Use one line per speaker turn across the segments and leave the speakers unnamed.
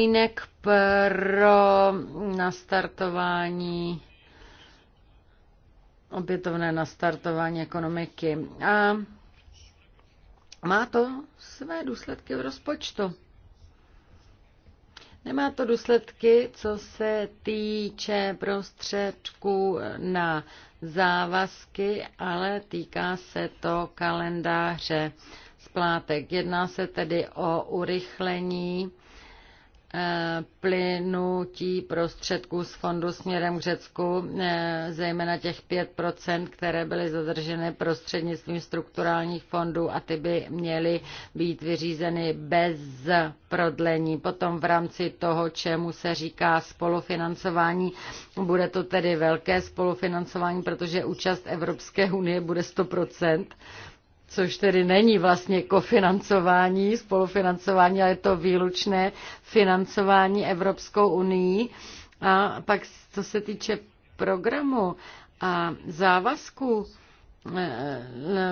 podmínek pro nastartování opětovné nastartování ekonomiky. A má to své důsledky v rozpočtu. Nemá to důsledky, co se týče prostředků na závazky, ale týká se to kalendáře splátek. Jedná se tedy o urychlení plynutí prostředků z fondu směrem k Řecku, eh, zejména těch 5%, které byly zadrženy prostřednictvím strukturálních fondů a ty by měly být vyřízeny bez prodlení. Potom v rámci toho, čemu se říká spolufinancování, bude to tedy velké spolufinancování, protože účast Evropské unie bude 100% což tedy není vlastně kofinancování, spolufinancování, ale je to výlučné financování Evropskou unii. A pak, co se týče programu a závazku, eh,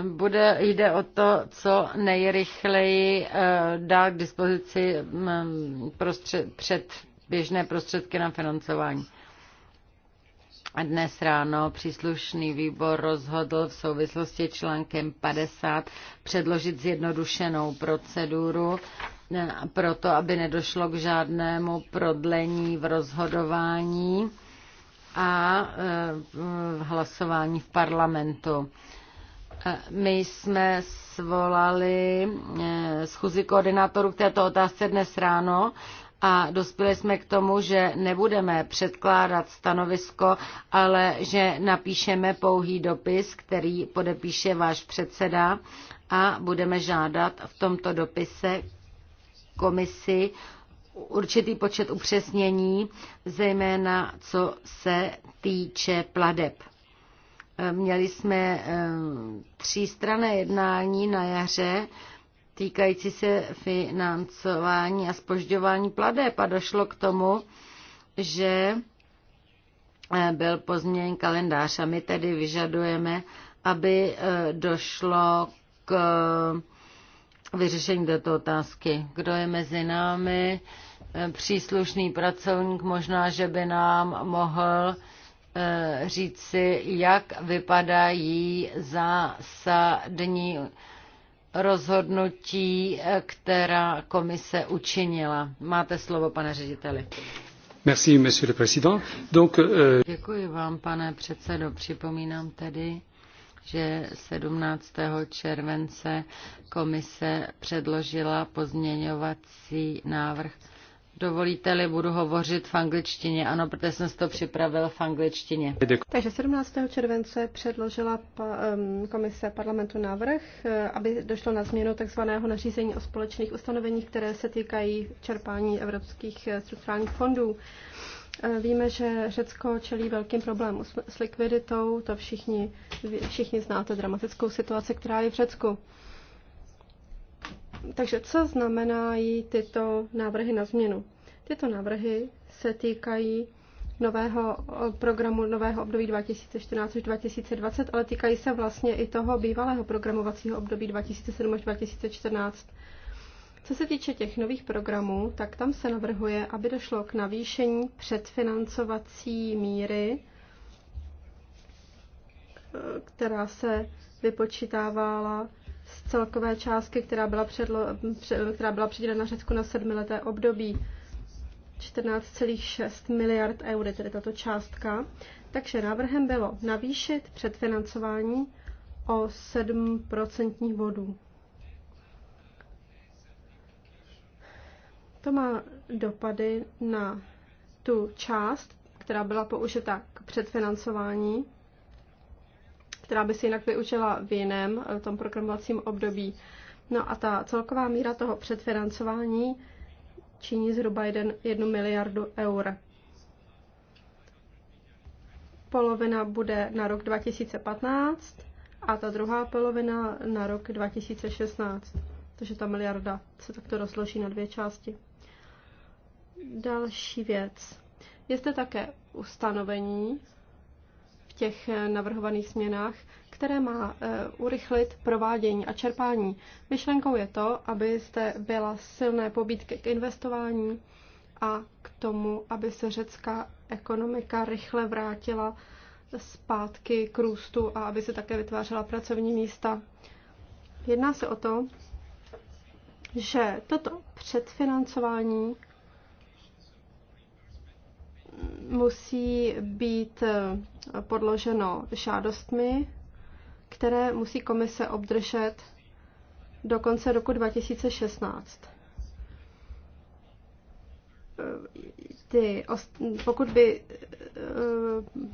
bude, jde o to, co nejrychleji eh, dá k dispozici mm, prostřed, před běžné prostředky na financování. Dnes ráno příslušný výbor rozhodl v souvislosti článkem 50 předložit zjednodušenou proceduru eh, proto, aby nedošlo k žádnému prodlení v rozhodování a eh, v hlasování v parlamentu. Eh, my jsme svolali schůzi koordinátorů k této otázce dnes ráno a dospěli jsme k tomu, že nebudeme předkládat stanovisko, ale že napíšeme pouhý dopis, který podepíše váš předseda a budeme žádat v tomto dopise komisi určitý počet upřesnění, zejména co se týče pladeb. Měli jsme eh, třístrané jednání na jaře, týkající se financování a spožďování pladeb a došlo k tomu, že eh, byl pozměněn kalendář a my tedy vyžadujeme, aby eh, došlo k eh, vyřešení této otázky. Kdo je mezi námi? Příslušný pracovník možná, že by nám mohl říci, jak vypadají zásadní rozhodnutí, eh, která komise učinila. Máte slovo, pane řediteli.
Merci, monsieur le président. Donc, euh...
Děkuji vám, pane předsedo. Připomínám tedy, že 17. července komise předložila pozměňovací návrh Dovolíte-li, budu hovořit v angličtině. Ano, protože jsem si to připravil v angličtině.
Takže 17. července předložila komise parlamentu návrh, eh, aby došlo na změnu tzv. nařízení o společných ustanoveních, které se týkají čerpání evropských eh, strukturálních fondů. Eh, víme, že Řecko čelí velkým problémům s likviditou, to všichni, všichni znáte dramatickou situaci, která je v Řecku. Takže co znamenají tyto návrhy na změnu? Tyto návrhy se týkají nového eh, programu, nového období 2014 až 2020, ale týkají se vlastně i toho bývalého programovacího období 2007 až 2014. Co se týče těch nových programů, tak tam se navrhuje, aby došlo k navýšení předfinancovací míry, eh, která se vypočítávala z celkové částky, která byla, předlo, která byla přidělena Řecku na sedmileté období. 14,6 miliard eur tedy tato částka. Takže návrhem bylo navýšit předfinancování o 7 procentních bodů. To má dopady na tu část, která byla použita k předfinancování která by se jinak vyučila v jiném eh, tom programovacím období. No a ta celková míra toho předfinancování činí zhruba 1 miliardu eur. Polovina bude na rok 2015 a ta druhá polovina na rok 2016. Takže ta miliarda se takto rozloží na dvě části. Další věc. Je zde také ustanovení, těch eh, navrhovaných změnách, které má eh, urychlit provádění a čerpání. Myšlenkou je to, aby zde byla silné pobídky k investování a k tomu, aby se řecká ekonomika rychle vrátila zpátky k růstu a aby se také vytvářela pracovní místa. Jedná se o to, že toto předfinancování musí být eh, podloženo žádostmi, které musí komise obdržet do konce roku 2016. Eh, ty, pokud by, eh,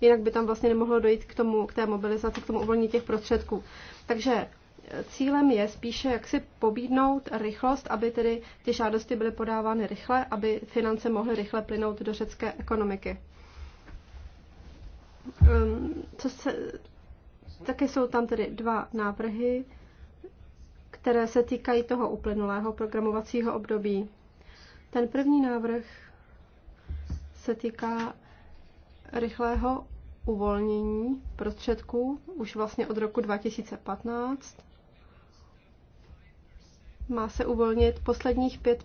jinak by tam vlastně nemohlo dojít k, tomu, k té mobilizaci, k tomu uvolnění těch prostředků. Takže cílem je spíše jak si pobídnout rychlost, aby tedy ty žádosti byly podávány rychle, aby finance mohly rychle plynout do řecké ekonomiky. Ehm, co se, také jsou tam tedy dva návrhy, které se týkají toho uplynulého programovacího období. Ten první návrh se týká rychlého uvolnění prostředků už vlastně od roku 2015 má se uvolnit posledních 5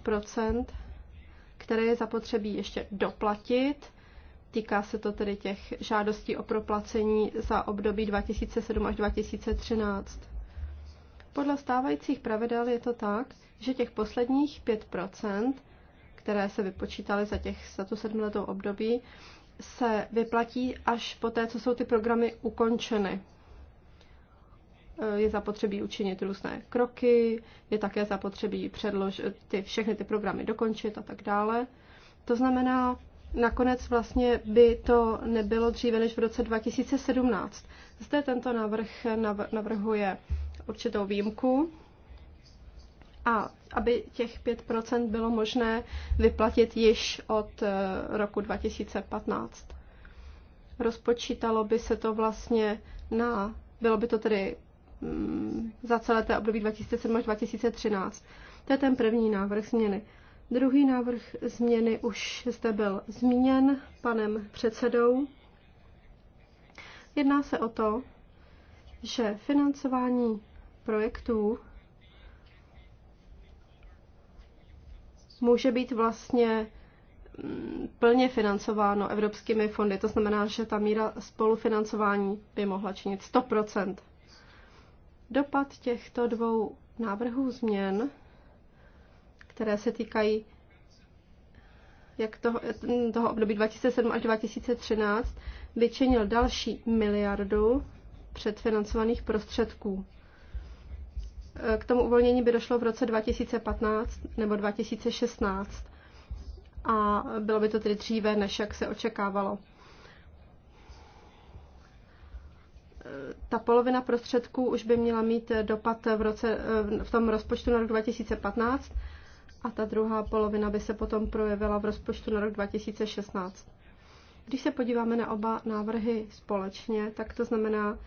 které je zapotřebí ještě doplatit. Týká se to tedy těch žádostí o proplacení za období 2007 až 2013. Podle stávajících pravidel je to tak, že těch posledních 5 které se vypočítaly za, těch, za tu sedmiletou období, se vyplatí až po té, co jsou ty programy ukončeny. Eh, je zapotřebí učinit různé kroky, je také zapotřebí předložit ty, všechny ty programy dokončit a tak dále. To znamená, nakonec vlastně by to nebylo dříve než v roce 2017. Zde tento návrh navrhuje určitou výjimku a aby těch 5% bylo možné vyplatit již od eh, roku 2015. Rozpočítalo by se to vlastně na, bylo by to tedy Mm, za celé té období 2007 až 2013. To je ten první návrh změny. Druhý návrh změny už zde byl zmíněn panem předsedou. Jedná se o to, že financování projektů může být vlastně mm, plně financováno evropskými fondy. To znamená, že ta míra spolufinancování by mohla činit 100 Dopad těchto dvou návrhů změn, které se týkají jak toho, toho období 2007 až 2013, vyčinil další miliardu předfinancovaných prostředků. K tomu uvolnění by došlo v roce 2015 nebo 2016 a bylo by to tedy dříve, než jak se očekávalo. ta polovina prostředků už by měla mít dopad v, roce, eh, v tom rozpočtu na rok 2015 a ta druhá polovina by se potom projevila v rozpočtu na rok 2016. Když se podíváme na oba návrhy společně, tak to znamená,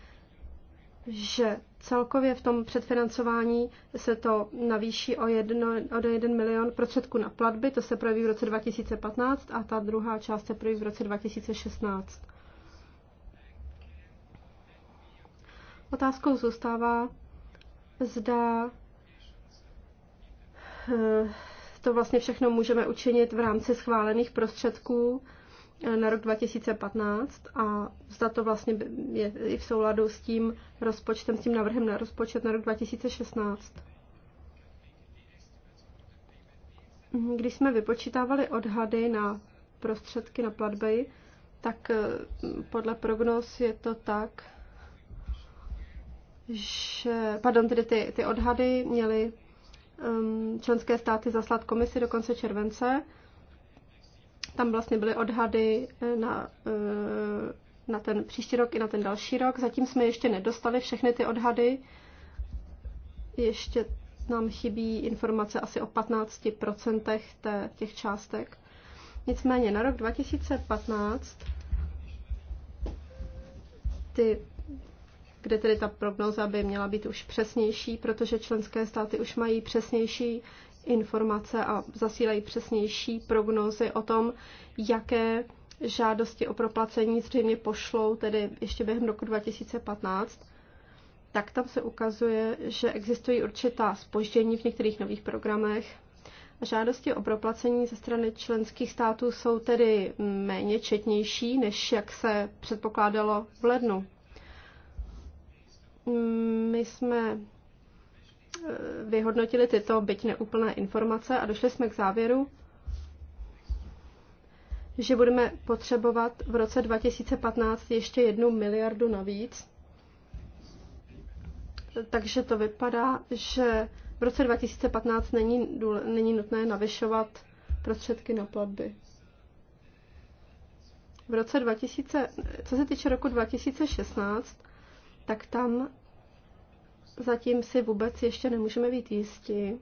že celkově v tom předfinancování se to navýší o, jedno, o 1 milion prostředků na platby, to se projeví v roce 2015 a ta druhá část se projeví v roce 2016. Otázkou zůstává, zda eh, to vlastně všechno můžeme učinit v rámci schválených prostředků eh, na rok 2015 a zda to vlastně je i v souladu s tím rozpočtem, s tím návrhem na rozpočet na rok 2016. Když jsme vypočítávali odhady na prostředky na platby, tak eh, podle prognóz je to tak, že, pardon, tedy ty, ty odhady měly um, členské státy zaslat komisi do konce července. Tam vlastně byly odhady eh, na, eh, na ten příští rok i na ten další rok. Zatím jsme ještě nedostali všechny ty odhady. Ještě nám chybí informace asi o 15% té, těch částek. Nicméně na rok 2015 ty kde tedy ta prognóza by měla být už přesnější, protože členské státy už mají přesnější informace a zasílají přesnější prognózy o tom, jaké žádosti o proplacení zřejmě pošlou, tedy ještě během roku 2015, tak tam se ukazuje, že existují určitá spoždění v některých nových programech. Žádosti o proplacení ze strany členských států jsou tedy méně četnější, než jak se předpokládalo v lednu. My jsme eh, vyhodnotili tyto byť neúplné informace a došli jsme k závěru, že budeme potřebovat v roce 2015 ještě jednu miliardu navíc. Takže to vypadá, že v roce 2015 není, není nutné navyšovat prostředky na platby. V roce 2000, co se týče roku 2016, tak tam zatím si vůbec ještě nemůžeme být jistí,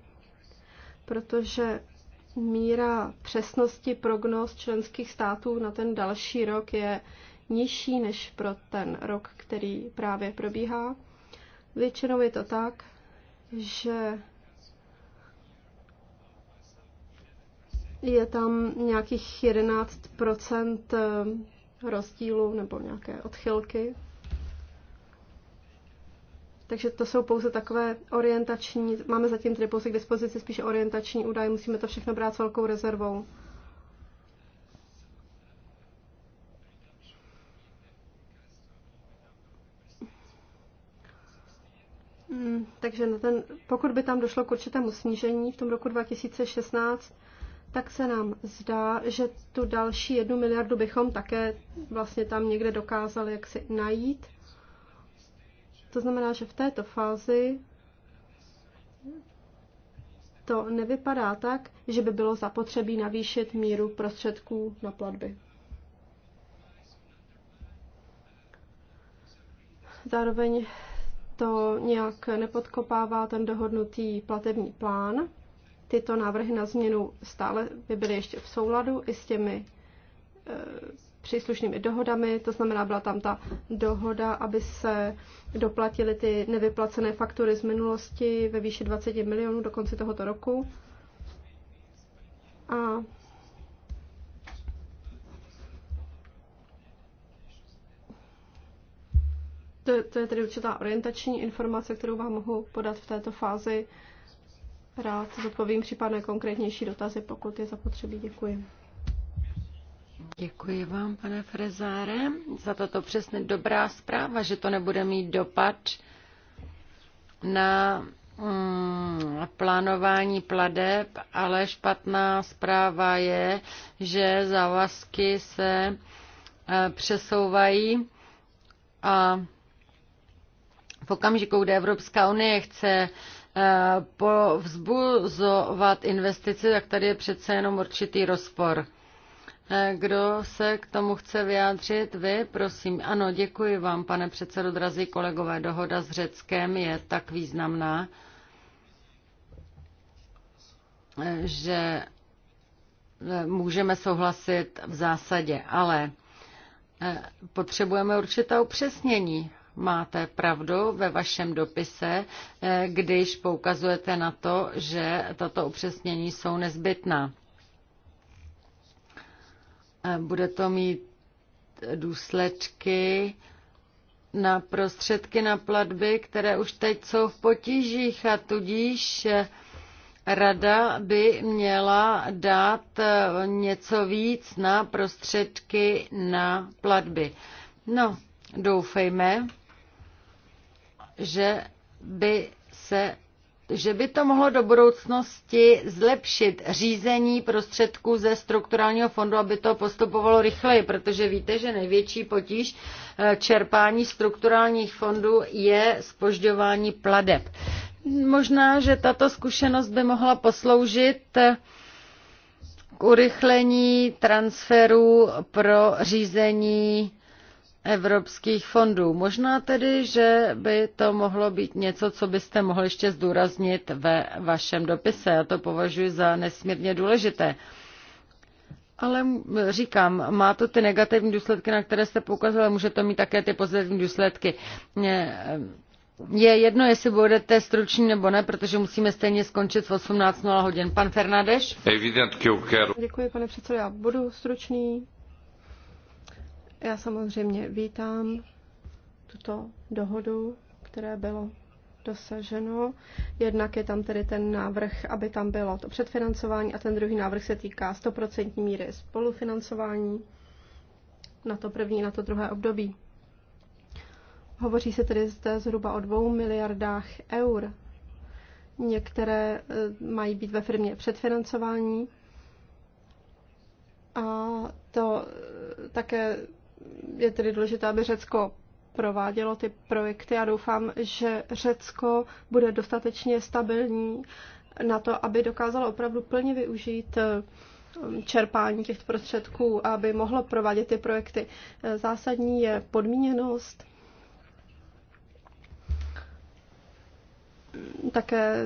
protože míra přesnosti prognóz členských států na ten další rok je nižší než pro ten rok, který právě probíhá. Většinou je to tak, že je tam nějakých 11 rozdílu nebo nějaké odchylky takže to jsou pouze takové orientační, máme zatím tedy pouze k dispozici spíše orientační údaje, musíme to všechno brát s velkou rezervou. Hmm, takže na ten, pokud by tam došlo k určitému snížení v tom roku 2016, tak se nám zdá, že tu další jednu miliardu bychom také vlastně tam někde dokázali jaksi najít. To znamená, že v této fázi to nevypadá tak, že by bylo zapotřebí navýšit míru prostředků na platby. Zároveň to nějak nepodkopává ten dohodnutý platební plán. Tyto návrhy na změnu stále by byly ještě v souladu i s těmi eh, příslušnými dohodami, to znamená, byla tam ta dohoda, aby se doplatily ty nevyplacené faktury z minulosti ve výši 20 milionů do konce tohoto roku. A to, je, to je tedy určitá orientační informace, kterou vám mohu podat v této fázi. Rád zodpovím případné konkrétnější dotazy, pokud je zapotřebí. Děkuji.
Děkuji vám, pane Frezáre, za toto přesně dobrá zpráva, že to nebude mít dopad na mm, plánování pladeb, ale špatná zpráva je, že závazky se e, přesouvají a v okamžiku, kdy Evropská unie chce e, povzbuzovat investice, tak tady je přece jenom určitý rozpor. Eh, kdo se k tomu chce vyjádřit? Vy, prosím. Ano, děkuji vám, pane předsedo, drazí kolegové. Dohoda s Řeckem je tak významná, eh, že eh, můžeme souhlasit v zásadě, ale potřebujeme určitá upřesnění. Máte pravdu ve vašem dopise, když poukazujete na to, že tato upřesnění jsou nezbytná. Bude to mít důsledky na prostředky na platby, které už teď jsou v potížích a tudíž Rada by měla dát něco víc na prostředky na platby. No, doufejme, že by se že by to mohlo do budoucnosti zlepšit řízení prostředků ze strukturálního fondu, aby to postupovalo rychleji, protože víte, že největší potíž eh, čerpání strukturálních fondů je spožďování pladeb. Možná, že tato zkušenost by mohla posloužit eh, k urychlení transferu pro řízení evropských fondů. Možná tedy, že by to mohlo být něco, co byste mohli ještě zdůraznit ve vašem dopise. Já to považuji za nesmírně důležité. Ale říkám, má to ty negativní důsledky, na které jste ale může to mít také ty pozitivní důsledky. Eh, je jedno, jestli budete struční nebo ne, protože musíme stejně skončit v 18.00 hodin. Pan Fernádeš?
Děkuji, pane předsedo, já budu stručný. Já samozřejmě vítám tuto dohodu, které bylo dosaženo. Jednak je tam tedy ten návrh, aby tam bylo to předfinancování a ten druhý návrh se týká 100% míry spolufinancování na to první, na to druhé období. Hovoří se tedy zde zhruba o dvou miliardách eur. Některé eh, mají být ve firmě předfinancování a to eh, také je tedy důležité, aby Řecko provádělo ty projekty a doufám, že Řecko bude dostatečně stabilní na to, aby dokázalo opravdu plně využít um, čerpání těchto prostředků, aby mohlo provádět ty projekty. Eh, zásadní je podmíněnost, také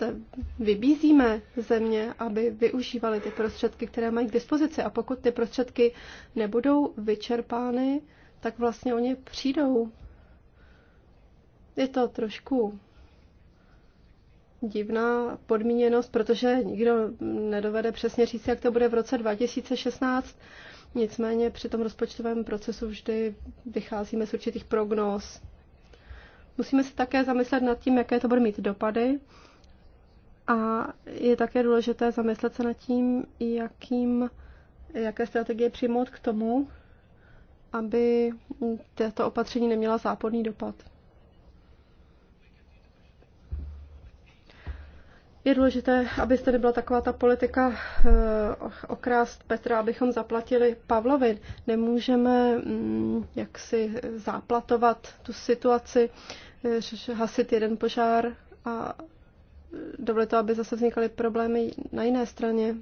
zde vybízíme země, aby využívaly ty prostředky, které mají k dispozici. A pokud ty prostředky nebudou vyčerpány, tak vlastně oni přijdou. Je to trošku divná podmíněnost, protože nikdo nedovede přesně říct, jak to bude v roce 2016. Nicméně při tom rozpočtovém procesu vždy vycházíme z určitých prognóz. Musíme se také zamyslet nad tím, jaké to bude mít dopady a je také důležité zamyslet se nad tím, jakým, jaké strategie přijmout k tomu, aby tato opatření neměla záporný dopad. Je důležité, abyste nebyla taková ta politika eh, okrást Petra, abychom zaplatili Pavlovi. Nemůžeme mm, jaksi záplatovat tu situaci, eh, hasit jeden požár a dovolit to, aby zase vznikaly problémy na jiné straně.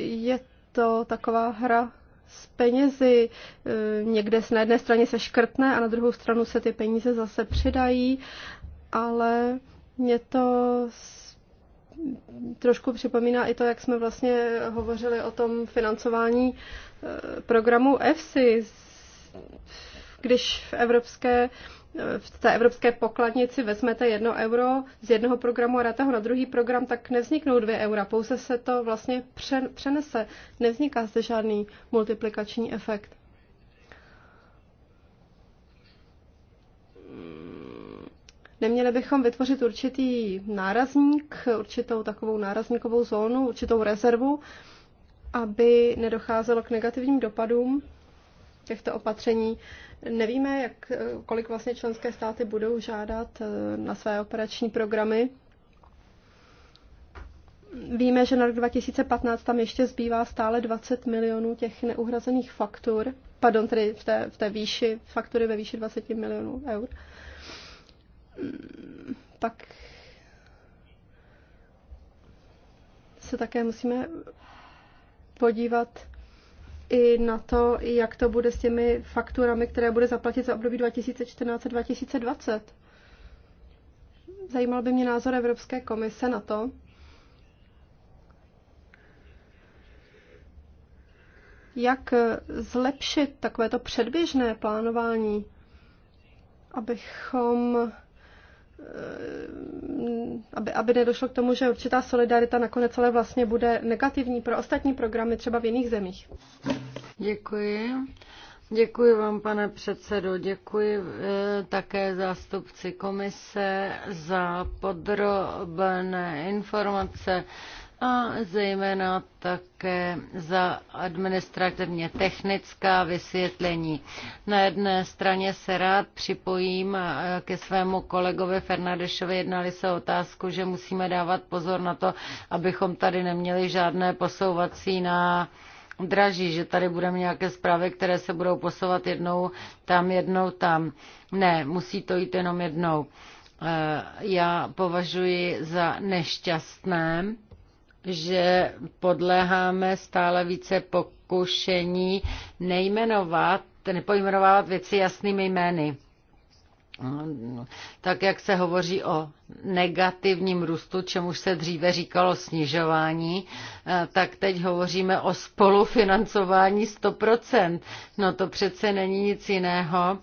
Je to taková hra s penězi. E, někde na jedné straně se škrtne a na druhou stranu se ty peníze zase přidají, ale mě to trošku připomíná i to, jak jsme vlastně hovořili o tom financování e, programu EFSI když v evropské v té evropské pokladnici vezmete jedno euro z jednoho programu a dáte ho na druhý program, tak nevzniknou dvě eura, pouze se to vlastně přenese. Nevzniká zde žádný multiplikační efekt. Neměli bychom vytvořit určitý nárazník, určitou takovou nárazníkovou zónu, určitou rezervu, aby nedocházelo k negativním dopadům těchto opatření. Nevíme, jak, eh, kolik vlastně členské státy budou žádat eh, na své operační programy. Víme, že na rok 2015 tam ještě zbývá stále 20 milionů těch neuhrazených faktur, pardon, tedy v té, v té výši, faktury ve výši 20 milionů eur. Mm, pak se také musíme podívat i na to, jak to bude s těmi fakturami, které bude zaplatit za období 2014 a 2020. Zajímal by mě názor Evropské komise na to. Jak zlepšit takovéto předběžné plánování, abychom Eh, aby, aby nedošlo k tomu, že určitá solidarita nakonec ale vlastně bude negativní pro ostatní programy třeba v jiných zemích.
Děkuji. Děkuji vám, pane předsedo. Děkuji eh, také zástupci komise za podrobné informace a zejména také za administrativně technická vysvětlení. Na jedné straně se rád připojím eh, ke svému kolegovi Fernadešovi. Jednali se otázku, že musíme dávat pozor na to, abychom tady neměli žádné posouvací na draží, že tady budeme nějaké zprávy, které se budou posouvat jednou tam, jednou tam. Ne, musí to jít jenom jednou. Eh, já považuji za nešťastné, že podléháme stále více pokušení nejmenovat, nepojmenovávat věci jasnými jmény. Tak, jak se hovoří o negativním růstu, čemuž se dříve říkalo snižování, tak teď hovoříme o spolufinancování 100%. No to přece není nic jiného,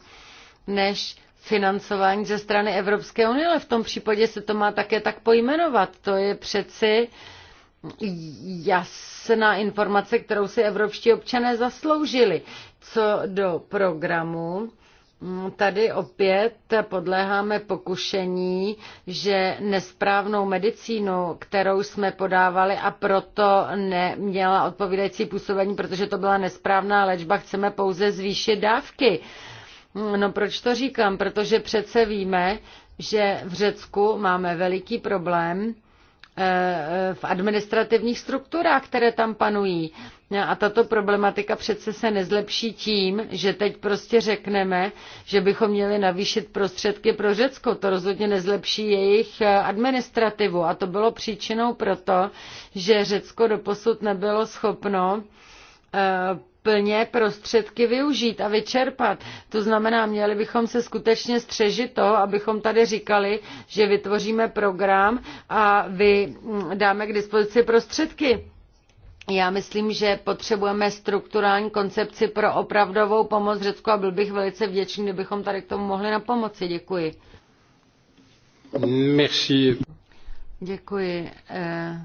než financování ze strany Evropské unie, ale v tom případě se to má také tak pojmenovat. To je přeci uh, jasná informace, kterou si evropští občané zasloužili. Co do programu, mm, tady opět podléháme pokušení, že nesprávnou medicínu, kterou jsme podávali a proto neměla odpovídající působení, protože to byla nesprávná léčba, chceme pouze zvýšit dávky. Mm, no proč to říkám? Protože přece víme, že v Řecku máme veliký problém Eh, v administrativních strukturách, které tam panují. A tato problematika přece se nezlepší tím, že teď prostě řekneme, že bychom měli navýšit prostředky pro Řecko. To rozhodně nezlepší jejich eh, administrativu. A to bylo příčinou proto, že Řecko doposud nebylo schopno eh, plně prostředky využít a vyčerpat. To znamená, měli bychom se skutečně střežit toho, abychom tady říkali, že vytvoříme program a vy mm, dáme k dispozici prostředky. Já myslím, že potřebujeme strukturální koncepci pro opravdovou pomoc Řecku a byl bych velice vděčný, kdybychom tady k tomu mohli na pomoci. Děkuji.
Merci.
Děkuji. Eh...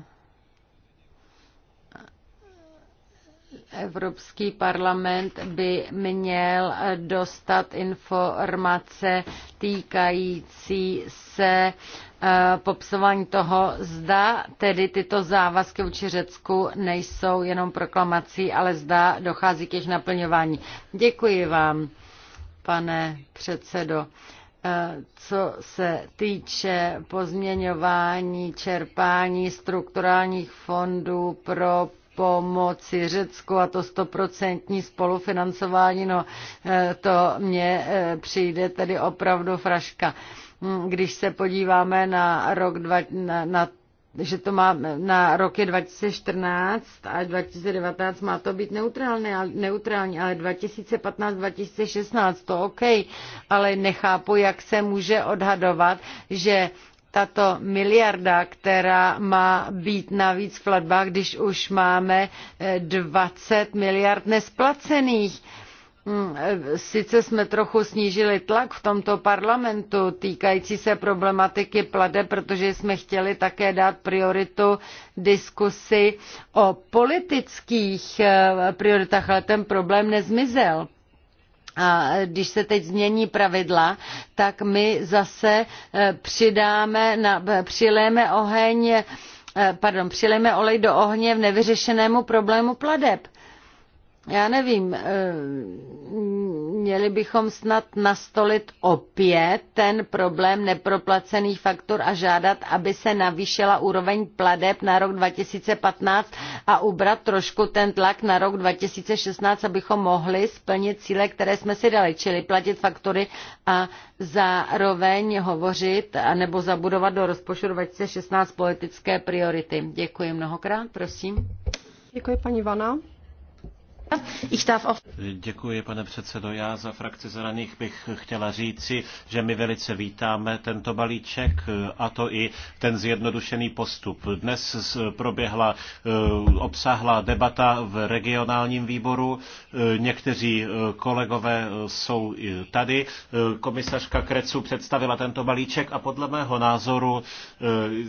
Evropský parlament by měl dostat informace týkající se eh, popsování toho, zda tedy tyto závazky vůči Řecku nejsou jenom proklamací, ale zda dochází k jejich naplňování. Děkuji vám, pane předsedo eh, co se týče pozměňování čerpání strukturálních fondů pro pomoci Řecku a to stoprocentní spolufinancování, no eh, to mně eh, přijde tedy opravdu fraška. Hm, když se podíváme na rok dva, na, na že to má na roky 2014 a 2019 má to být neutrální, neutrální ale 2015-2016 to OK, ale nechápu, jak se může odhadovat, že tato miliarda, která má být navíc v platbách, když už máme 20 eh, miliard nesplacených. Mm, eh, sice jsme trochu snížili tlak v tomto parlamentu týkající se problematiky plade, protože jsme chtěli také dát prioritu diskusi o politických eh, prioritách, ale ten problém nezmizel a když se teď změní pravidla, tak my zase e, přidáme, na, e, přilejeme oheň, e, pardon, přilejeme olej do ohně v nevyřešenému problému pladeb. Já nevím, Měli bychom snad nastolit opět ten problém neproplacených faktur a žádat, aby se navýšila úroveň pladeb na rok 2015 a ubrat trošku ten tlak na rok 2016, abychom mohli splnit cíle, které jsme si dali, čili platit faktury a zároveň hovořit nebo zabudovat do rozpočtu 2016 politické priority. Děkuji mnohokrát, prosím.
Děkuji paní Vana.
Děkuji, pane předsedo. Já za frakci zelených bych chtěla říci, že my velice vítáme tento balíček a to i ten zjednodušený postup. Dnes proběhla eh, obsáhlá debata v regionálním výboru. Eh, někteří eh, kolegové jsou tady. Komisařka Krecu představila tento balíček a podle mého názoru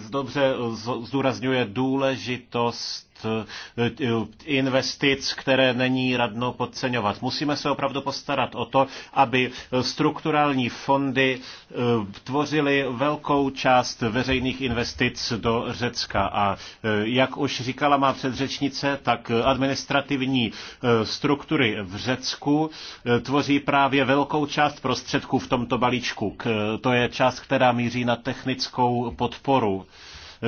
dobře zdůrazňuje důležitost Eh, investic, které není radno podceňovat. Musíme se opravdu postarat o to, aby strukturální fondy eh, tvořily velkou část veřejných investic do Řecka. A eh, jak už říkala má předřečnice, tak administrativní struktury v Řecku tvoří právě velkou část prostředků v tomto balíčku. To je část, která míří na technickou podporu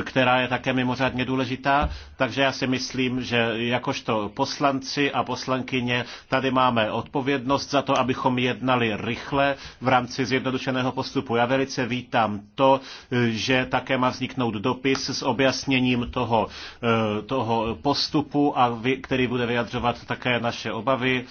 která je také mimořádně důležitá. Takže já si myslím, že jakožto poslanci a poslankyně tady máme odpovědnost za to, abychom jednali rychle v rámci zjednodušeného postupu. Já velice vítám to, že také má vzniknout dopis s objasněním toho, eh, toho postupu, a vy, který bude vyjadřovat také naše obavy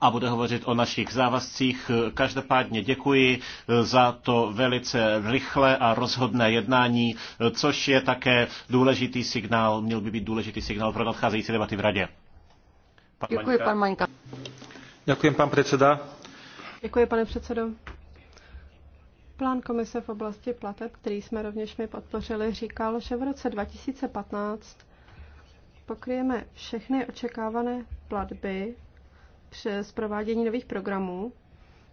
a bude hovořit o našich závazcích. Každopádně děkuji za to velice rychlé a rozhodné jednání, což je také důležitý signál, měl by být důležitý signál pro nadcházející debaty v Radě. Pan děkuji, Maňka. pan Maňka. Děkuji, pan předseda.
Děkuji, pane předsedo. Plán komise v oblasti plateb, který jsme rovněž my podpořili, říkal, že v roce 2015 pokryjeme všechny očekávané platby přes provádění nových programů,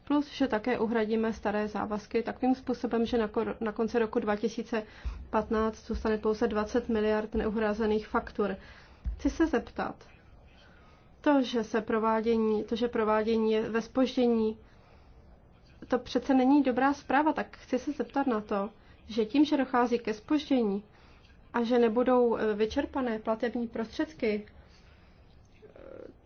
plus, že také uhradíme staré závazky takovým způsobem, že na, konci roku 2015 zůstane pouze 20 miliard neuhrazených faktur. Chci se zeptat, to, že se provádění, to, že provádění je ve spoždění, to přece není dobrá zpráva, tak chci se zeptat na to, že tím, že dochází ke spoždění a že nebudou e, vyčerpané platební prostředky,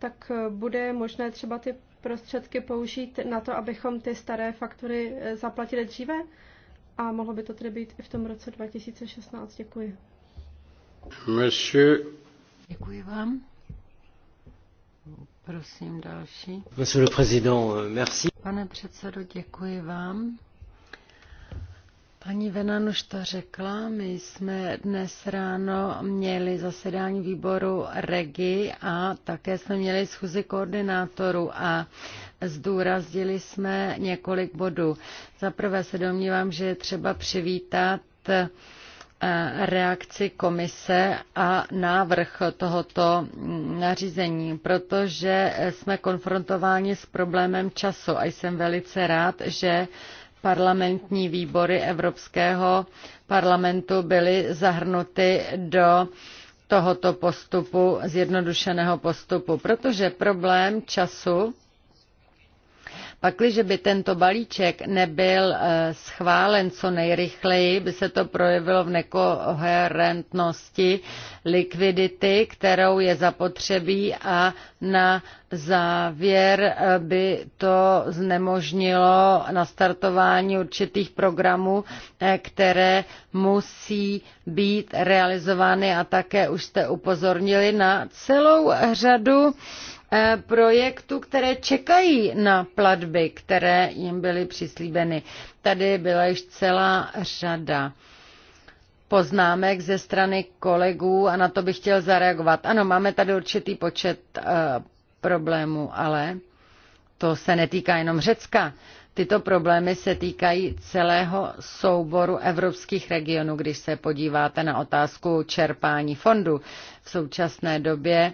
tak eh, bude možné třeba ty prostředky použít na to, abychom ty staré faktury eh, zaplatili dříve? A mohlo by to tedy být i v tom roce 2016. Děkuji. Monsieur. Děkuji vám.
Prosím další. Monsieur le président, euh, merci. Pane předsedo, děkuji vám. Paní Venanuš, to řekla, my jsme dnes ráno měli zasedání výboru REGI a také jsme měli schůzi koordinátorů a zdůraznili jsme několik bodů. Za prvé se domnívám, že je třeba přivítat eh, reakci komise a návrh tohoto nařízení, protože jsme konfrontováni s problémem času a jsem velice rád, že parlamentní výbory Evropského parlamentu byly zahrnuty do tohoto postupu, zjednodušeného postupu, protože problém času Pakliže by tento balíček nebyl eh, schválen co nejrychleji, by se to projevilo v nekoherentnosti likvidity, kterou je zapotřebí a na závěr eh, by to znemožnilo nastartování určitých programů, eh, které musí být realizovány a také už jste upozornili na celou řadu Eh, projektů, které čekají na platby, které jim byly přislíbeny. Tady byla již celá řada poznámek ze strany kolegů a na to bych chtěl zareagovat. Ano, máme tady určitý počet eh, problémů, ale to se netýká jenom Řecka. Tyto problémy se týkají celého souboru evropských regionů, když se podíváte na otázku čerpání fondu. V současné době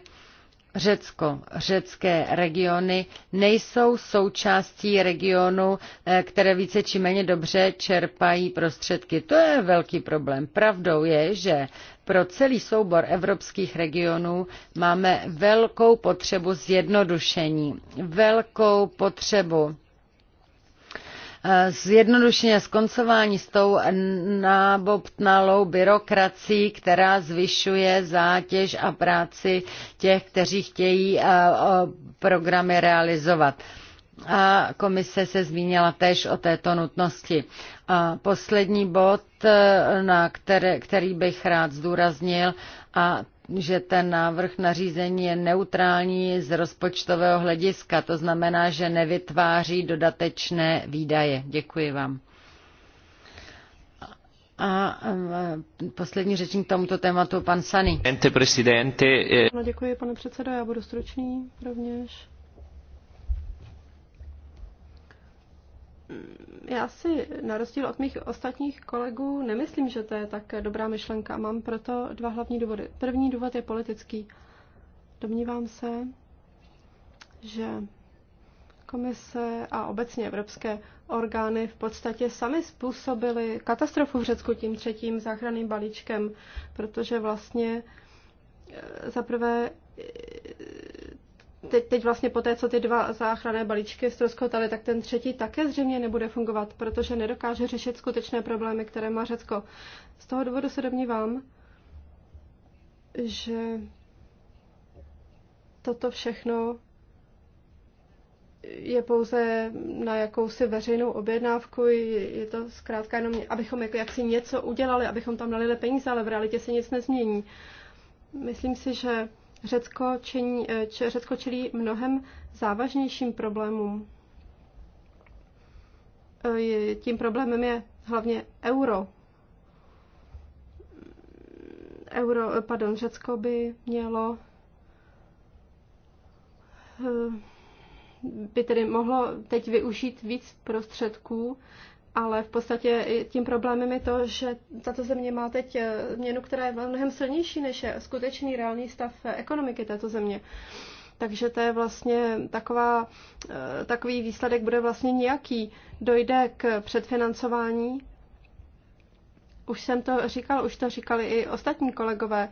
Řecko, řecké regiony nejsou součástí regionu, eh, které více či méně dobře čerpají prostředky. To je velký problém. Pravdou je, že pro celý soubor evropských regionů máme velkou potřebu zjednodušení, velkou potřebu Eh, zjednodušeně skoncování s tou nábobtnalou byrokracií, která zvyšuje zátěž a práci těch, kteří chtějí eh, programy realizovat. A komise se zmínila též o této nutnosti. A poslední bod, eh, na které, který bych rád zdůraznil, a že ten návrh nařízení je neutrální z rozpočtového hlediska, to znamená, že nevytváří dodatečné výdaje. Děkuji vám. A poslední řečník tomuto tématu, pan Sany.
Eh, no,
děkuji, pane předsedo, já budu stručný rovněž. já si na rozdíl od mých ostatních kolegů nemyslím, že to je tak dobrá myšlenka a mám proto dva hlavní důvody. První důvod je politický. Domnívám se, že komise a obecně evropské orgány v podstatě sami způsobily katastrofu v Řecku tím třetím záchranným balíčkem, protože vlastně eh, zaprvé teď, teď vlastně po té, co ty dva záchranné balíčky ztroskotaly, tak ten třetí také zřejmě nebude fungovat, protože nedokáže řešit skutečné problémy, které má Řecko. Z toho důvodu se domnívám, že toto všechno je pouze na jakousi veřejnou objednávku, je to zkrátka jenom, abychom jako jaksi něco udělali, abychom tam nalili peníze, ale v realitě se nic nezmění. Myslím si, že Řecko, čení, eh, če, Řecko čelí mnohem závažnějším problémům. Eh, tím problémem je hlavně euro. Euro, eh, pardon, Řecko by mělo by tedy mohlo teď využít víc prostředků ale v podstatě tím problémem je to, že tato země má teď eh, měnu, která je mnohem silnější, než je skutečný reálný stav eh, ekonomiky této země. Takže to je vlastně taková, eh, takový výsledek bude vlastně nějaký. Dojde k předfinancování. Už jsem to říkal, už to říkali i ostatní kolegové.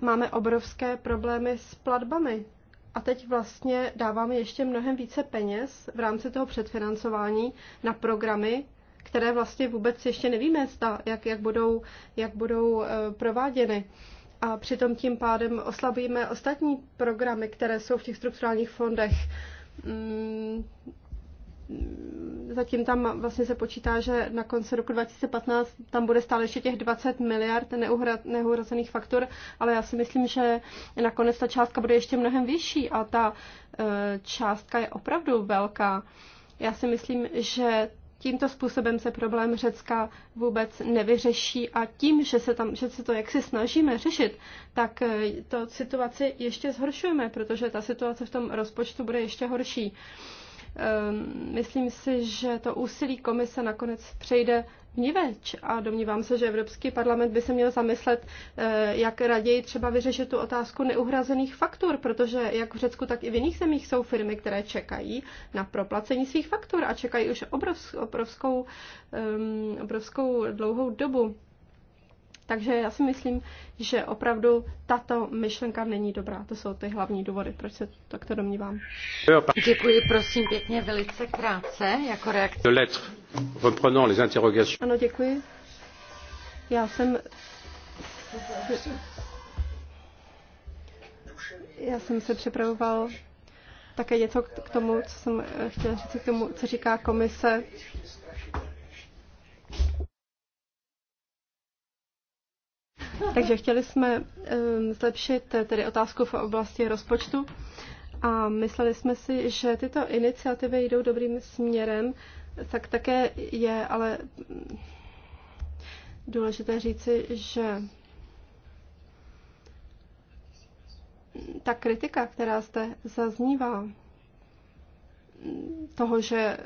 Máme obrovské problémy s platbami. A teď vlastně dáváme ještě mnohem více peněz v rámci toho předfinancování na programy, které vlastně vůbec ještě nevíme, zda, jak, jak budou, jak budou eh, prováděny. A přitom tím pádem oslabíme ostatní programy, které jsou v těch strukturálních fondech. Mm, zatím tam vlastně se počítá, že na konci roku 2015 tam bude stále ještě těch 20 miliard neuhrazených faktur, ale já si myslím, že nakonec ta částka bude ještě mnohem vyšší a ta eh, částka je opravdu velká. Já si myslím, že Tímto způsobem se problém Řecka vůbec nevyřeší a tím, že se, tam, že se to jaksi snažíme řešit, tak eh, to situaci ještě zhoršujeme, protože ta situace v tom rozpočtu bude ještě horší. Ehm, myslím si, že to úsilí komise nakonec přejde niveč a domnívám se, že Evropský parlament by se měl zamyslet, eh, jak raději třeba vyřešit tu otázku neuhrazených faktur, protože jak v Řecku, tak i v jiných zemích jsou firmy, které čekají na proplacení svých faktur a čekají už obrovskou, obrovskou, um, ehm, obrovskou dlouhou dobu. Takže já si myslím, že opravdu tato myšlenka není dobrá. To jsou ty hlavní důvody, proč se takto domnívám. Děkuji, prosím, pěkně, velice krátce, jako reakce. Ano, děkuji. Já jsem... Já jsem se připravoval také něco k tomu, co jsem eh, chtěla říct, k tomu, co říká komise takže chtěli jsme ehm, zlepšit eh, tedy otázku v oblasti rozpočtu a mysleli jsme si, že tyto iniciativy jdou dobrým směrem, tak také je ale mm, důležité říci, že ta kritika, která zde zaznívá, toho, že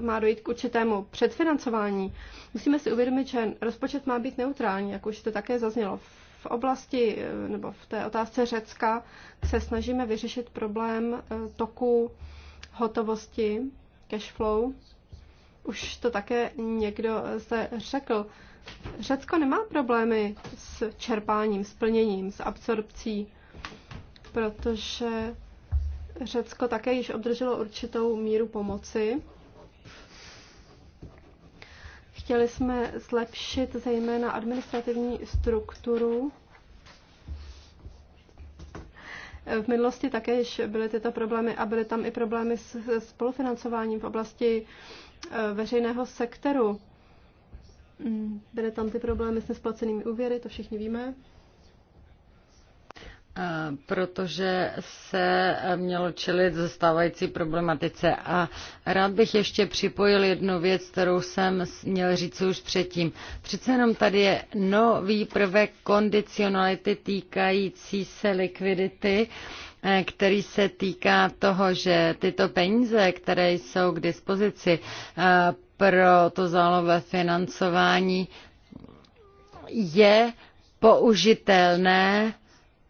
má dojít k určitému předfinancování, musíme si uvědomit, že rozpočet má být neutrální, jak už to také zaznělo. V oblasti eh, nebo v té otázce Řecka se snažíme vyřešit problém eh, toku hotovosti, cash flow. Už to také někdo se eh, řekl. Řecko nemá problémy s čerpáním, s plněním, s absorpcí, protože Řecko také již obdrželo určitou míru pomoci. Chtěli jsme zlepšit zejména administrativní strukturu. V minulosti také již byly tyto problémy a byly tam i problémy s spolufinancováním v oblasti eh, veřejného sektoru. Hmm, byly tam ty problémy s nesplacenými úvěry, to všichni víme.
Eh, protože se eh, mělo čelit zastávající problematice. A rád bych ještě připojil jednu věc, kterou jsem měl říct už předtím. Přece jenom tady je nový prvek kondicionality týkající se likvidity, eh, který se týká toho, že tyto peníze, které jsou k dispozici pro to zálové financování, je použitelné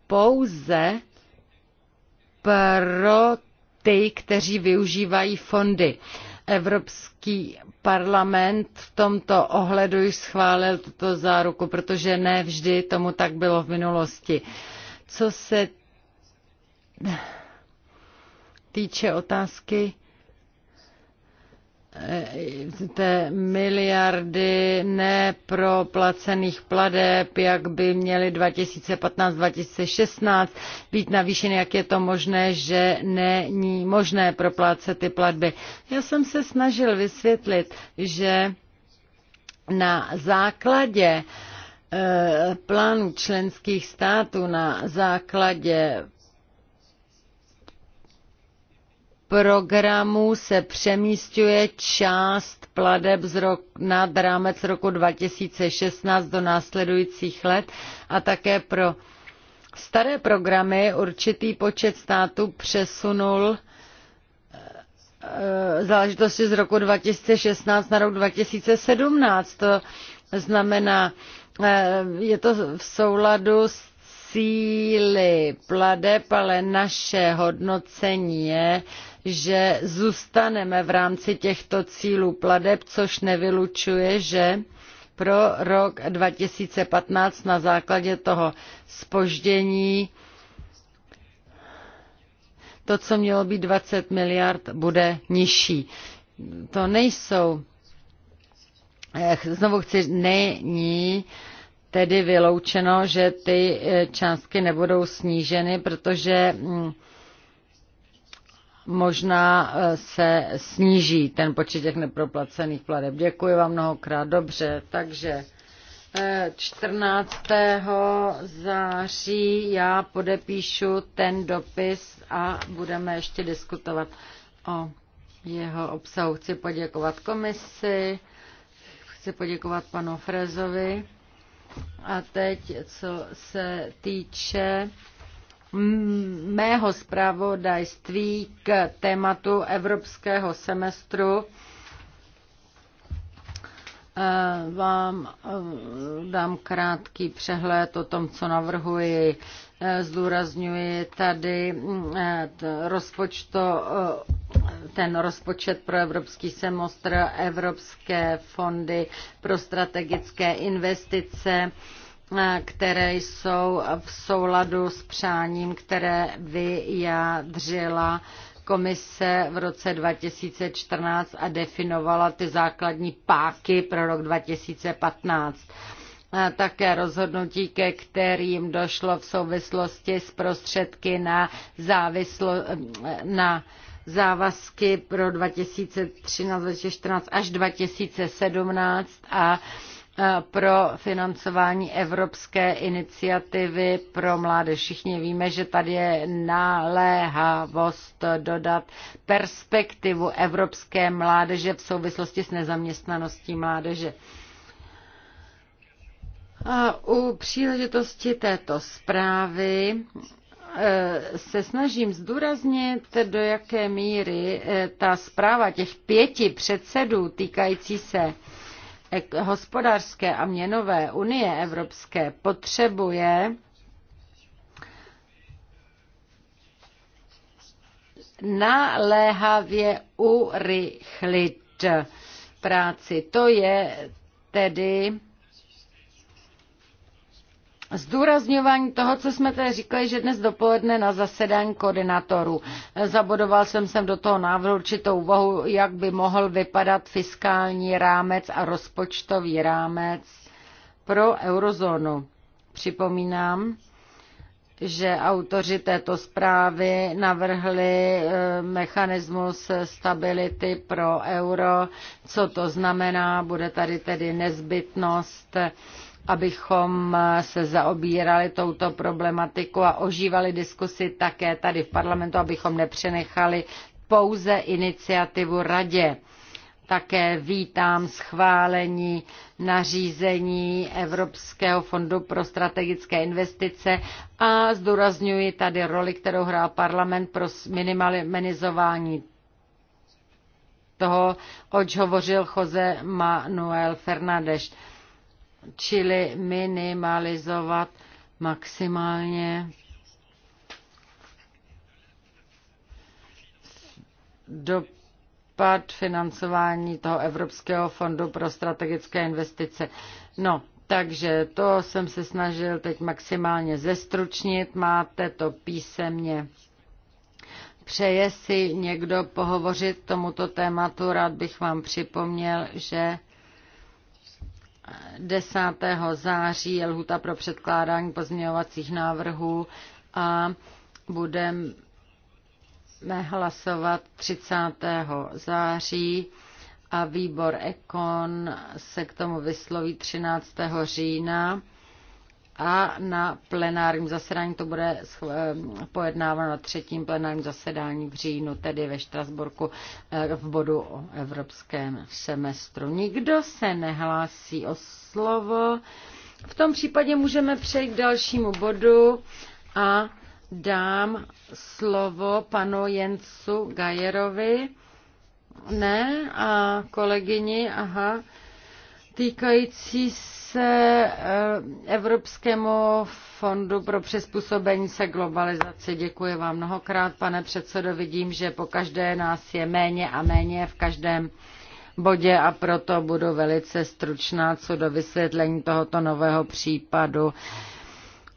pouze pro ty, kteří využívají fondy. Evropský parlament v tomto ohledu již schválil tuto záruku, protože ne vždy tomu tak bylo v minulosti. Co se týče otázky té miliardy neproplacených pladeb, jak by měly 2015-2016 být navýšeny, jak je to možné, že není možné proplácet ty platby. Já jsem se snažil vysvětlit, že na základě eh, plánu členských států na základě programu se přemístuje část pladeb z rok, nad rámec roku 2016 do následujících let a také pro staré programy určitý počet států přesunul eh, eh, záležitosti z roku 2016 na rok 2017. To znamená, eh, je to v souladu s cíly pladeb, ale naše hodnocení je, že zůstaneme v rámci těchto cílů plateb což nevylučuje, že pro rok 2015 na základě toho spoždění to, co mělo být 20 miliard, bude nižší. To nejsou, eh, znovu chci, není tedy vyloučeno, že ty eh, částky nebudou sníženy, protože mm, možná eh, se sníží ten počet těch neproplacených plateb. Děkuji vám mnohokrát. Dobře, takže 14. Eh, září já podepíšu ten dopis a budeme ještě diskutovat o jeho obsahu. Chci poděkovat komisi, chci poděkovat panu Frezovi. A teď, co se týče mého zpravodajství k tématu evropského semestru eh, vám eh, dám krátký přehled o tom, co navrhuji. Eh, zdůrazňuji tady mm, rozpočto, ten rozpočet pro evropský semestr, evropské fondy pro strategické investice, Eh, které jsou v souladu s přáním, které vyjádřila komise v roce 2014 a definovala ty základní páky pro rok 2015 eh, také rozhodnutí, ke kterým došlo v souvislosti s prostředky na, závislo, eh, na závazky pro 2013, 2014 až 2017 a Eh, pro financování Evropské iniciativy pro mládež. Všichni víme, že tady je naléhavost dodat perspektivu evropské mládeže v souvislosti s nezaměstnaností mládeže. A u příležitosti této zprávy eh, se snažím zdůraznit, do jaké míry eh, ta zpráva těch pěti předsedů týkající se hospodářské a měnové unie evropské potřebuje naléhavě urychlit práci. To je tedy zdůrazňování toho, co jsme tady říkali, že dnes dopoledne na zasedání koordinátorů. E, zabodoval jsem sem do toho návrhu určitou úvahu, jak by mohl vypadat fiskální rámec a rozpočtový rámec pro eurozónu. Připomínám, že autoři této zprávy navrhli e, mechanismus stability pro euro. Co to znamená? Bude tady tedy nezbytnost abychom se zaobírali touto problematikou a ožívali diskusi také tady v parlamentu, abychom nepřenechali pouze iniciativu radě. Také vítám schválení nařízení Evropského fondu pro strategické investice a zdůrazňuji tady roli, kterou hrál parlament pro minimalizování toho, oč hovořil Jose Manuel Fernández čili minimalizovat maximálně dopad financování toho Evropského fondu pro strategické investice. No, takže to jsem se snažil teď maximálně zestručnit, máte to písemně. Přeje si někdo pohovořit tomuto tématu, rád bych vám připomněl, že 10. září je lhuta pro předkládání pozměňovacích návrhů a budeme hlasovat 30. září a výbor Ekon se k tomu vysloví 13. října a na plenárním zasedání to bude eh, pojednáváno na třetím plenárním zasedání v říjnu, tedy ve Štrasburku eh, v bodu o evropském semestru. Nikdo se nehlásí o slovo. V tom případě můžeme přejít k dalšímu bodu a dám slovo panu Jensu Gajerovi. Ne, a kolegyni, aha týkající se eh, Evropskému fondu pro přizpůsobení se globalizaci. Děkuji vám mnohokrát, pane předsedo. Vidím, že po každé nás je méně a méně v každém bodě a proto budu velice stručná co do vysvětlení tohoto nového případu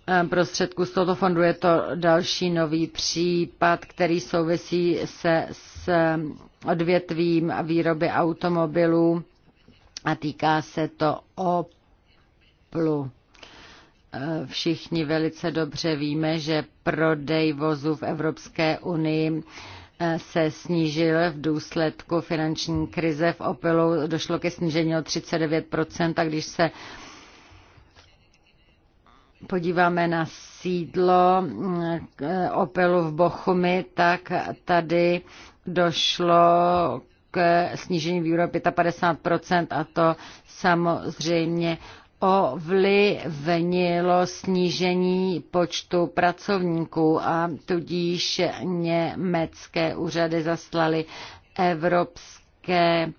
eh, prostředků z tohoto fondu. Je to další nový případ, který souvisí se s odvětvím výroby automobilů a týká se to Oplu. Všichni velice dobře víme, že prodej vozů v Evropské unii eh, se snížil v důsledku finanční krize. V Opelu došlo ke snížení o 39%, a když se podíváme na sídlo eh, Opelu v Bochumi, tak tady došlo k snížení výroby 55% a to samozřejmě ovlivnilo snížení počtu pracovníků a tudíž německé úřady zaslaly evropské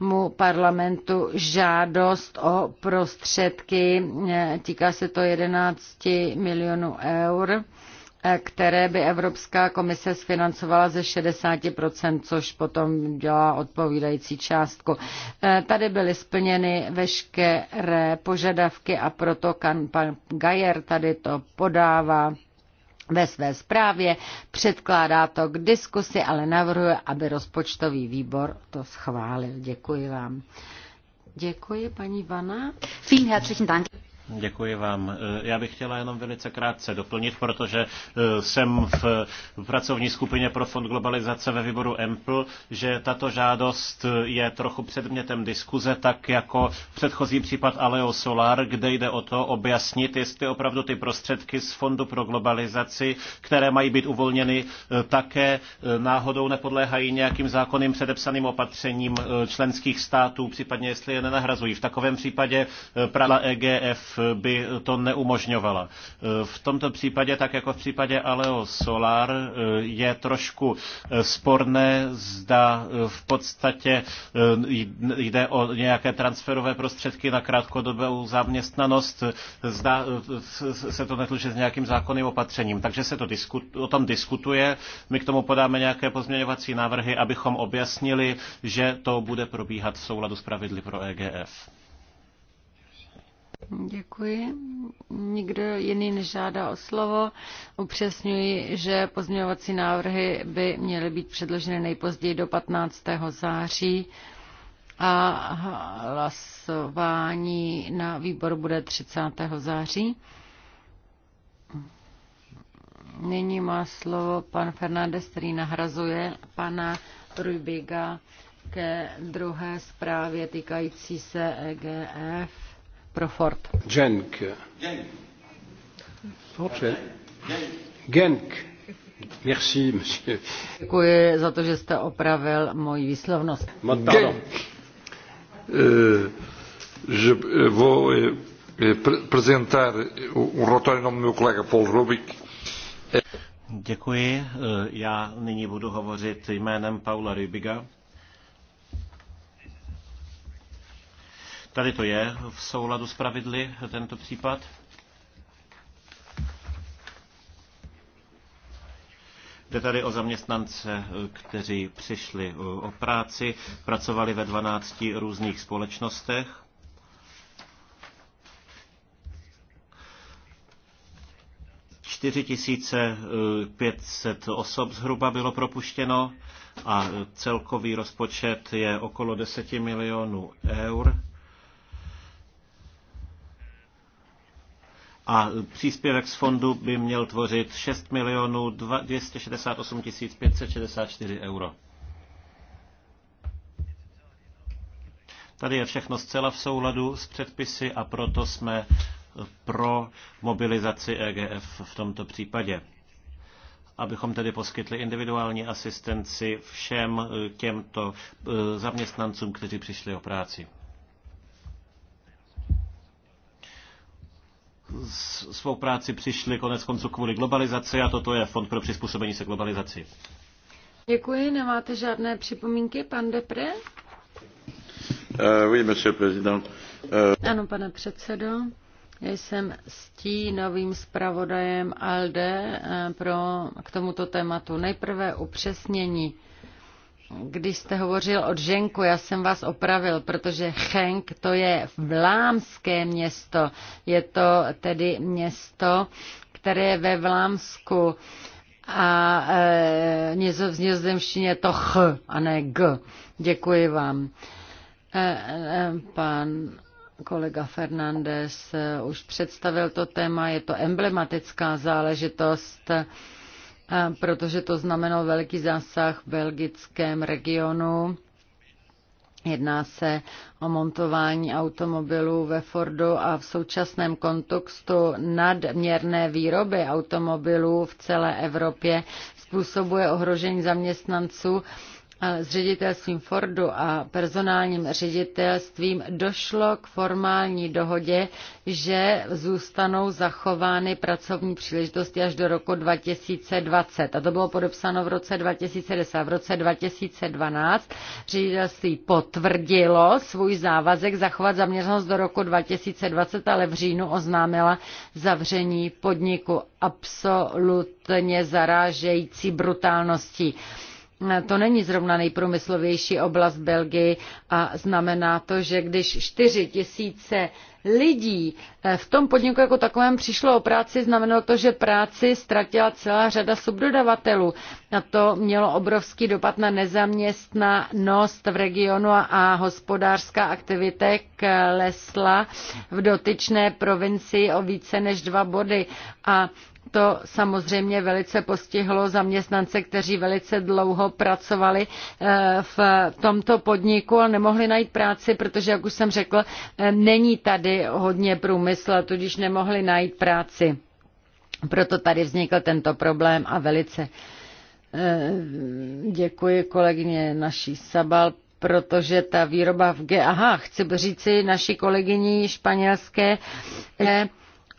mu parlamentu žádost o prostředky, týká se to 11 milionů eur které by Evropská komise sfinancovala ze 60%, což potom dělá odpovídající částku. Eh, tady byly splněny veškeré požadavky a proto pan Gajer tady to podává ve své zprávě, předkládá to k diskusi, ale navrhuje, aby rozpočtový výbor to schválil. Děkuji vám. Děkuji, paní Vana. Vielen herzlichen
Dank. Děkuji vám. E, já bych chtěla jenom velice krátce doplnit, protože e, jsem v pracovní skupině pro fond globalizace ve výboru EMPL, že tato žádost je trochu předmětem diskuze, tak jako předchozí případ Aleo Solar, kde jde o to objasnit, jestli opravdu ty prostředky z fondu pro globalizaci, které mají být uvolněny, e, také náhodou nepodléhají nějakým zákonným předepsaným opatřením členských států, případně jestli je nenahrazují. V takovém případě prala EGF by to neumožňovala. V tomto případě, tak jako v případě Aleo Solar, je trošku sporné, zda v podstatě eh, jde o nějaké transferové prostředky na krátkodobou zaměstnanost, zda eh, se to netluče s nějakým zákonným opatřením. Takže se to o tom diskutuje. My k tomu podáme nějaké pozměňovací návrhy, abychom objasnili, že to bude probíhat v souladu s pravidly pro EGF.
Děkuji. Nikdo jiný nežádá o slovo. Upřesňuji, že pozměňovací návrhy by měly být předloženy nejpozději do 15. září a hlasování na výboru bude 30. září. Nyní má slovo pan Fernández, který nahrazuje pana Rubiga ke druhé zprávě týkající se EGF Profort.
Genk. Genk. Merci, monsieur.
Děkuji za to, že jste opravil moji výslovnost.
Genk.
Eh, je eh, vou
apresentar um relatório em nome do meu colega Paulo Rubik. Děkuji. Eh, já nyní budu hovořit jménem Paula Rybiga Tady to je v souladu s pravidly tento případ. Jde tady o zaměstnance, kteří přišli uh, o práci, pracovali ve 12 různých společnostech. Čtyři tisíce uh, pětset osob zhruba bylo propuštěno a celkový rozpočet je okolo 10 milionů eur a příspěvek z fondu by měl tvořit 6 milionů 268 564 euro. Tady je všechno zcela v souladu s předpisy a proto jsme pro mobilizaci EGF v tomto případě. Abychom tedy poskytli individuální asistenci všem těmto eh, zaměstnancům, kteří přišli o práci. svou práci přišli konec konců kvůli globalizaci a toto je Fond pro přizpůsobení se globalizaci.
Děkuji, nemáte žádné připomínky, pan Depre? Uh,
oui, monsieur président. Uh...
Ano, pane předsedo. Já jsem novým zpravodajem ALDE eh, pro, k tomuto tématu. Nejprve upřesnění když jste hovořil o Dženku, já jsem vás opravil, protože Chenk to je vlámské město. Je to tedy město, které je ve Vlámsku a e, něco v nizozemštině to ch a ne g. Děkuji vám. E, e, pan kolega Fernandez e, už představil to téma, je to emblematická záležitost. E, protože to znamenalo velký zásah v belgickém regionu. Jedná se o montování automobilů ve Fordu a v současném kontextu nadměrné výroby automobilů v celé Evropě způsobuje ohrožení zaměstnanců s ředitelstvím Fordu a personálním ředitelstvím došlo k formální dohodě, že zůstanou zachovány pracovní příležitosti až do roku 2020. A to bylo podepsáno v roce 2010. V roce 2012 ředitelství potvrdilo svůj závazek zachovat zaměřenost do roku 2020, ale v říjnu oznámila zavření podniku absolutně zarážející brutálností to není zrovna nejprůmyslovější oblast Belgii a znamená to, že když 4 tisíce lidí eh, v tom podniku jako takovém přišlo o práci, znamenalo to, že práci ztratila celá řada subdodavatelů. A to mělo obrovský dopad na nezaměstnanost v regionu a hospodářská aktivita klesla v dotyčné provincii o více než dva body. A to samozřejmě velice postihlo zaměstnance, kteří velice dlouho pracovali eh, v tomto podniku a nemohli najít práci, protože, jak už jsem řekl, eh, není tady hodně průmysl, a tudíž nemohli najít práci. Proto tady vznikl tento problém a velice eh, děkuji kolegyně naší Sabal, protože ta výroba v G. Aha, chci říci naší kolegyni španělské,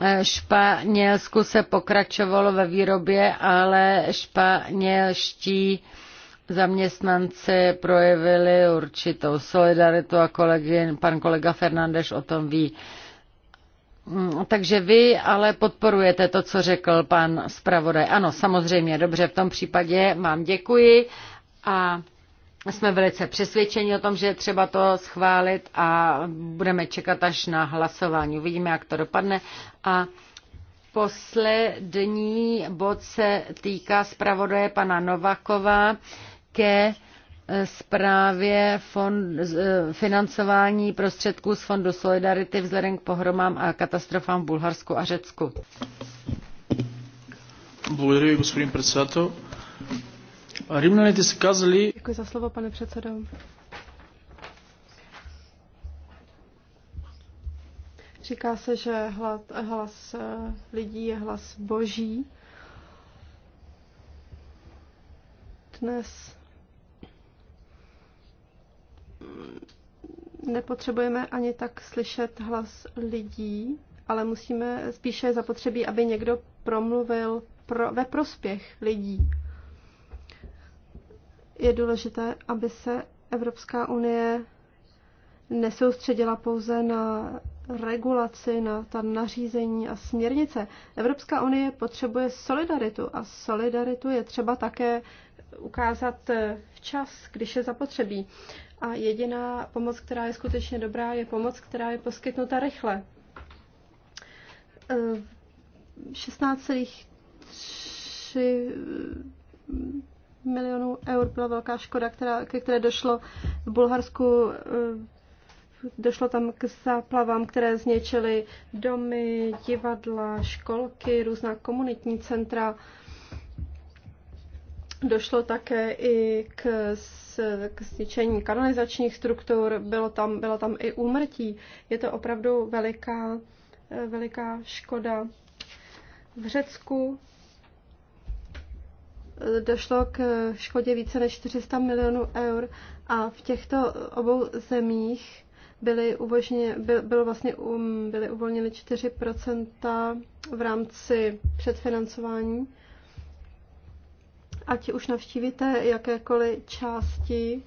Eh, Španělsku se pokračovalo ve výrobě, ale španělští zaměstnanci projevili určitou solidaritu a kolegy, pan kolega Fernandeš o tom ví. Mm, takže vy ale podporujete to, co řekl pan zpravodaj. Ano, samozřejmě, dobře, v tom případě vám děkuji a jsme velice přesvědčeni o tom, že je třeba to schválit a budeme čekat až na hlasování. Uvidíme, jak to dopadne. A poslední bod se týká zpravodaje pana Novakova ke eh, zprávě fond, eh, financování prostředků z Fondu Solidarity vzhledem k pohromám a katastrofám v Bulharsku a Řecku.
Благодаря господин
председател.
Děkuji za slovo, pane předsedo. Říká se, že hlas, hlas eh, lidí je hlas boží. Dnes nepotřebujeme ani tak slyšet hlas lidí, ale musíme spíše zapotřebí, aby někdo promluvil pro, ve prospěch lidí je důležité, aby se Evropská unie nesoustředila pouze na regulaci, na ta nařízení a směrnice. Evropská unie potřebuje solidaritu a solidaritu je třeba také ukázat eh, včas, když je zapotřebí. A jediná pomoc, která je skutečně dobrá, je pomoc, která je poskytnuta rychle. 16,3 eh, milionů eur byla velká škoda, která, ke které došlo v Bulharsku. Eh, došlo tam k záplavám, které zničily domy, divadla, školky, různá komunitní centra. Došlo také i k, k zničení kanalizačních struktur, bylo tam, bylo tam i úmrtí. Je to opravdu veliká, eh, veliká škoda. V Řecku došlo k škodě více než 400 milionů eur a v těchto obou zemích byly, uvožně, byl, bylo vlastně, um, byly uvolněny 4% v rámci předfinancování. Ať už navštívíte jakékoliv části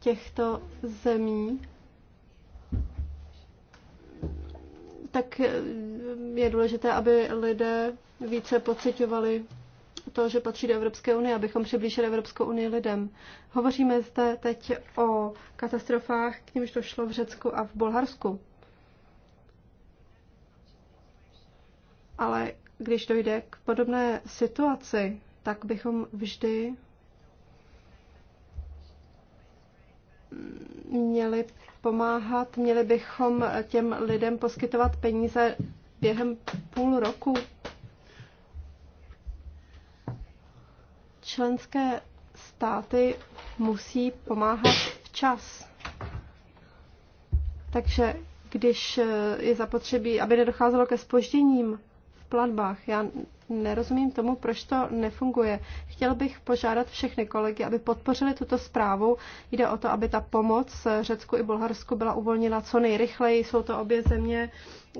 těchto zemí, tak je důležité, aby lidé více pocitovali to, že patří do Evropské unie, abychom přiblížili Evropskou unii lidem. Hovoříme zde teď o katastrofách, k nimž to šlo v Řecku a v Bulharsku. Ale když dojde k podobné situaci, tak bychom vždy měli pomáhat, měli bychom těm lidem poskytovat peníze během půl roku členské státy musí pomáhat včas. Takže když eh, je zapotřebí, aby nedocházelo ke spožděním, platbách. Já nerozumím tomu, proč to nefunguje. Chtěl bych požádat všechny kolegy, aby podpořili tuto zprávu. Jde o to, aby ta pomoc Řecku i Bulharsku byla uvolněna co nejrychleji. Jsou to obě země,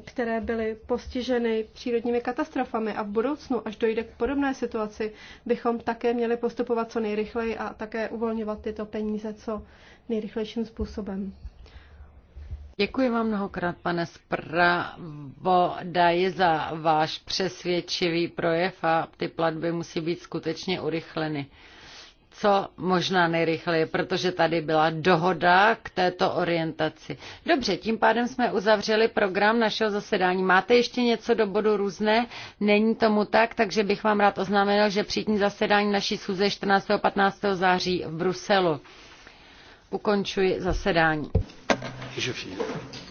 které byly postiženy přírodními katastrofami a v budoucnu, až dojde k podobné situaci, bychom také měli postupovat co nejrychleji a také uvolňovat tyto peníze co nejrychlejším způsobem.
Děkuji vám mnohokrát, pane zpravodaji, za váš přesvědčivý projev a ty platby musí být skutečně urychleny co možná nejrychleji, protože tady byla dohoda k této orientaci. Dobře, tím pádem jsme uzavřeli program našeho zasedání. Máte ještě něco do bodu různé? Není tomu tak, takže bych vám rád oznámil, že přítní zasedání naší schůze 14. a 15. září v Bruselu. Ukončuji zasedání. Et je file.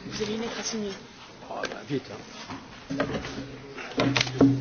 Vous allez y mettre à signer. Oh, bah, vite. Hein.